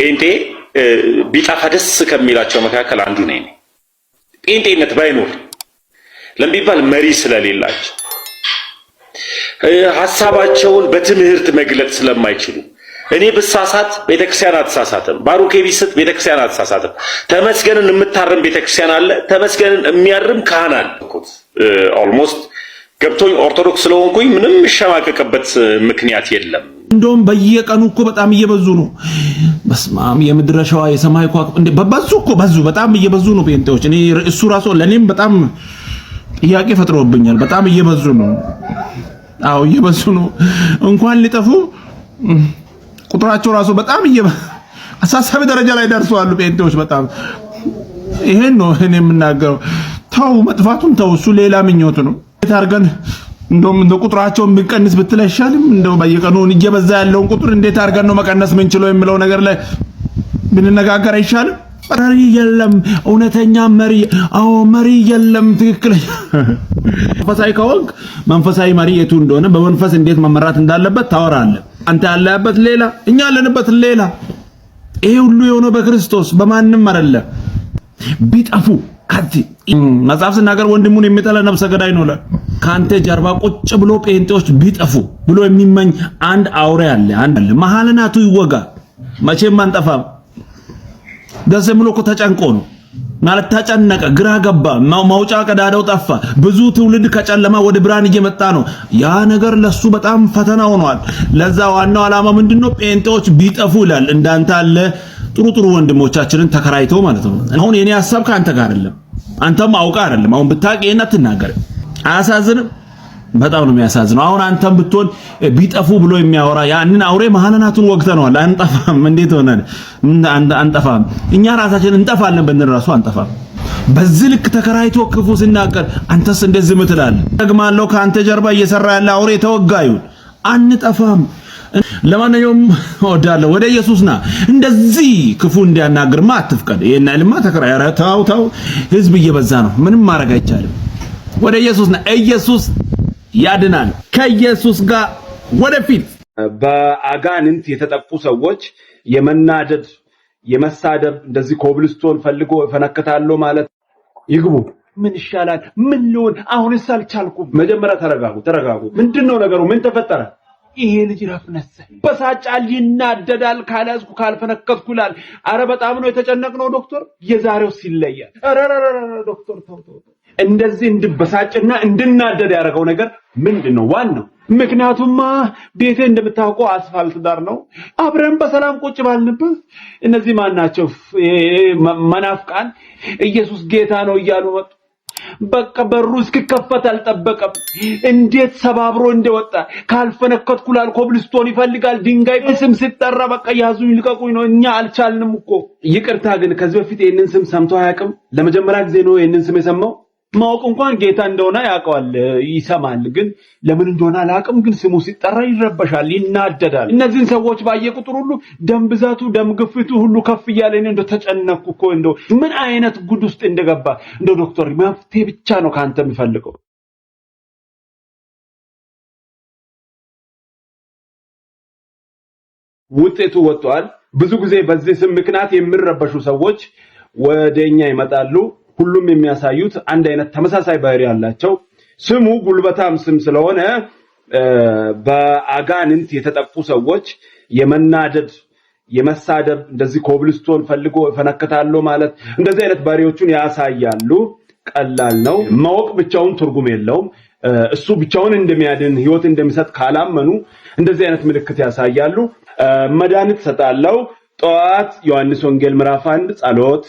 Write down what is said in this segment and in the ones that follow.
ጴንጤ ቢጠፋ ደስ ከሚላቸው መካከል አንዱ ነኝ። ጴንጤነት ባይኖር ለሚባል መሪ ስለሌላቸው ሀሳባቸውን በትምህርት መግለጽ ስለማይችሉ እኔ ብሳሳት ቤተክርስቲያን አትሳሳትም፣ ባሩኬ ቢስት ቤተክርስቲያን አትሳሳትም፣ ተመስገንን የምታርም ቤተክርስቲያን አለ፣ ተመስገንን የሚያርም ካህን አለ። ኦልሞስት ገብቶኝ ኦርቶዶክስ ስለሆንኩኝ ምንም የምሸማቀቅበት ምክንያት የለም። እንደውም በየቀኑ እኮ በጣም እየበዙ ነው። በስማም የምድረሻዋ የሰማይ ከዋክብት እንደ በበዙ እኮ በዙ፣ በጣም እየበዙ ነው ጴንጤዎች። እኔ እሱ ራሱ ለእኔም በጣም ጥያቄ ፈጥሮብኛል። በጣም እየበዙ ነው። አዎ እየበዙ ነው። እንኳን ሊጠፉ ቁጥራቸው ራሱ በጣም እየ አሳሳቢ ደረጃ ላይ ደርሰዋል ጴንጤዎች። በጣም ይሄን ነው እኔ የምናገረው። ተው መጥፋቱን ተው፣ እሱ ሌላ ምኞቱ ነው። ታርገን እንደውም እንደ ቁጥራቸውን ብንቀንስ ብትል አይሻልም? እንደው በየቀኑ እየበዛ ያለውን ቁጥር እንዴት አድርገን ነው መቀነስ ምንችለው የሚለው ነገር ላይ ብንነጋገር አይሻልም? መሪ የለም፣ እውነተኛ መሪ። አዎ መሪ የለም። ትክክለኛ መንፈሳዊ ከወንክ መንፈሳዊ መሪ የቱ እንደሆነ በመንፈስ እንዴት መመራት እንዳለበት ታወራለህ። አንተ ያለህበት ሌላ፣ እኛ ያለንበት ሌላ። ይሄ ሁሉ የሆነው በክርስቶስ በማንም አይደለ። ቢጠፉ ከዚህ መጽሐፍ ስናገር ወንድሙን የሚጠላ ነብሰ ገዳይ ነው። ከአንተ ጀርባ ቁጭ ብሎ ጴንጤዎች ቢጠፉ ብሎ የሚመኝ አንድ አውሬ አለ። አንድ አለ መሐለናቱ ይወጋ። መቼም አንጠፋም። ደስ ብሎ እኮ ተጨንቆ ነው ማለት ተጨነቀ፣ ግራ ገባ፣ ማውጫ ቀዳዳው ጠፋ። ብዙ ትውልድ ከጨለማ ወደ ብርሃን እየመጣ ነው። ያ ነገር ለሱ በጣም ፈተና ሆኗል። ለዛ ዋናው ዓላማ ምንድነው? ጴንጤዎች ቢጠፉ ይላል። እንዳንተ አለ ጥሩ ጥሩ ወንድሞቻችንን ተከራይተው ማለት ነው። አሁን የኔ ሀሳብ ከአንተ ጋር አይደለም፣ አንተም አውቀህ አይደለም። አሁን ብታውቅ ይሄን አትናገርም። አያሳዝንም? በጣም ነው የሚያሳዝነው። አሁን አንተም ብትሆን ቢጠፉ ብሎ የሚያወራ ያንን አውሬ መሀንናቱን ወግተነዋል። አንጠፋም። እንዴት ሆነ? አንጠፋም? እኛ ራሳችን እንጠፋለን ብንል ራሱ አንጠፋም። በዚህ ልክ ተከራይቶ ክፉ ሲናገር አንተስ እንደዚህ ምትላል? ደግማለሁ ከአንተ ጀርባ እየሰራ ያለ አውሬ ተወጋዩን አንጠፋም። ለማንኛውም እወዳለሁ፣ ወደ ኢየሱስ ና። እንደዚህ ክፉ እንዲያናግርማ አትፍቀድ። ይሄን አይልማ ተከራይ። ኧረ ተው ተው፣ ህዝብ እየበዛ ነው። ምንም ማድረግ አይቻልም። ወደ ኢየሱስ ና። ኢየሱስ ያድናል። ከኢየሱስ ጋር ወደፊት። በአጋንንት የተጠቁ ሰዎች የመናደድ የመሳደብ እንደዚህ ኮብልስቶን ፈልጎ እፈነክታለሁ ማለት ይግቡ። ምን ይሻላል? ምን ልሆን? አሁንስ አልቻልኩም። መጀመሪያ ተረጋጉ፣ ተረጋጉ። ምንድን ነው ነገሩ? ምን ተፈጠረ? ይሄ ልጅ ራፍ ነሰ በሳጫል፣ ይናደዳል። ካልያዝኩ ካልፈነከትኩ ይላል። አረ በጣም ነው የተጨነቅነው ዶክተር። የዛሬው ሲለያል። ዶክተር ተው ተው እንደዚህ እንድበሳጭና እንድናደድ ያደረገው ነገር ምንድን ነው? ዋናው ምክንያቱማ ቤቴ እንደምታውቀው አስፋልት ዳር ነው። አብረን በሰላም ቁጭ ባልንበት እነዚህ ማናቸው መናፍቃን ኢየሱስ ጌታ ነው እያሉ መጡ። በቃ በሩ እስኪከፈት አልጠበቀም። እንዴት ሰባብሮ እንደወጣ ካልፈነከትኩ ላል ኮብልስቶን ይፈልጋል ድንጋይ ስም ሲጠራ በቃ ያዙኝ ልቀቁኝ ነው። እኛ አልቻልንም እኮ ይቅርታ። ግን ከዚህ በፊት ይህንን ስም ሰምቶ አያውቅም። ለመጀመሪያ ጊዜ ነው ይህንን ስም የሰማው። ማወቅ እንኳን ጌታ እንደሆነ ያውቀዋል፣ ይሰማል። ግን ለምን እንደሆነ አላውቅም፣ ግን ስሙ ሲጠራ ይረበሻል፣ ይናደዳል። እነዚህን ሰዎች ባየ ቁጥር ሁሉ ደም ብዛቱ፣ ደም ግፊቱ ሁሉ ከፍ እያለ እኔ እንደው ተጨነኩ እኮ እንደው ምን አይነት ጉድ ውስጥ እንደገባ እንደው ዶክተር፣ መፍትሄ ብቻ ነው ከአንተ የምፈልገው። ውጤቱ ወጥቷል። ብዙ ጊዜ በዚህ ስም ምክንያት የሚረበሹ ሰዎች ወደኛ ይመጣሉ። ሁሉም የሚያሳዩት አንድ አይነት ተመሳሳይ ባህሪ አላቸው። ስሙ ጉልበታም ስም ስለሆነ በአጋንንት የተጠቁ ሰዎች የመናደድ የመሳደብ እንደዚህ ኮብልስቶን ፈልጎ ፈነከታለሁ ማለት እንደዚህ አይነት ባህሪዎቹን ያሳያሉ። ቀላል ነው ማወቅ ብቻውን ትርጉም የለውም። እሱ ብቻውን እንደሚያድን ህይወት እንደሚሰጥ ካላመኑ እንደዚህ አይነት ምልክት ያሳያሉ። መድኃኒት ሰጣለው። ጠዋት ዮሐንስ ወንጌል ምዕራፍ አንድ ጸሎት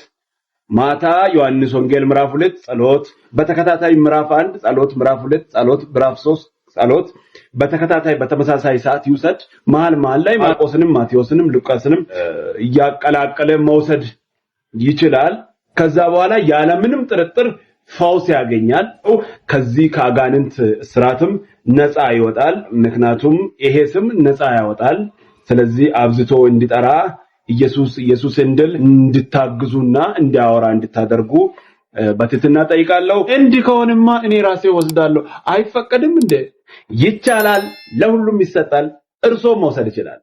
ማታ ዮሐንስ ወንጌል ምዕራፍ ሁለት ጸሎት፣ በተከታታይ ምዕራፍ አንድ ጸሎት፣ ምዕራፍ ሁለት ጸሎት፣ ምዕራፍ ሶስት ጸሎት በተከታታይ በተመሳሳይ ሰዓት ይውሰድ። መሀል መሀል ላይ ማርቆስንም ማቴዎስንም ሉቃስንም እያቀላቀለ መውሰድ ይችላል። ከዛ በኋላ ያለምንም ጥርጥር ፈውስ ያገኛል። ከዚህ ከአጋንንት ስራትም ነፃ ይወጣል። ምክንያቱም ይሄ ስም ነፃ ያወጣል። ስለዚህ አብዝቶ እንዲጠራ ኢየሱስ ኢየሱስ እንድል እንድታግዙና እንዲያወራ እንድታደርጉ በትትና ጠይቃለሁ። እንዲህ ከሆንማ እኔ ራሴ ወስዳለሁ። አይፈቀድም እንዴ? ይቻላል። ለሁሉም ይሰጣል። እርሶ መውሰድ ይችላል።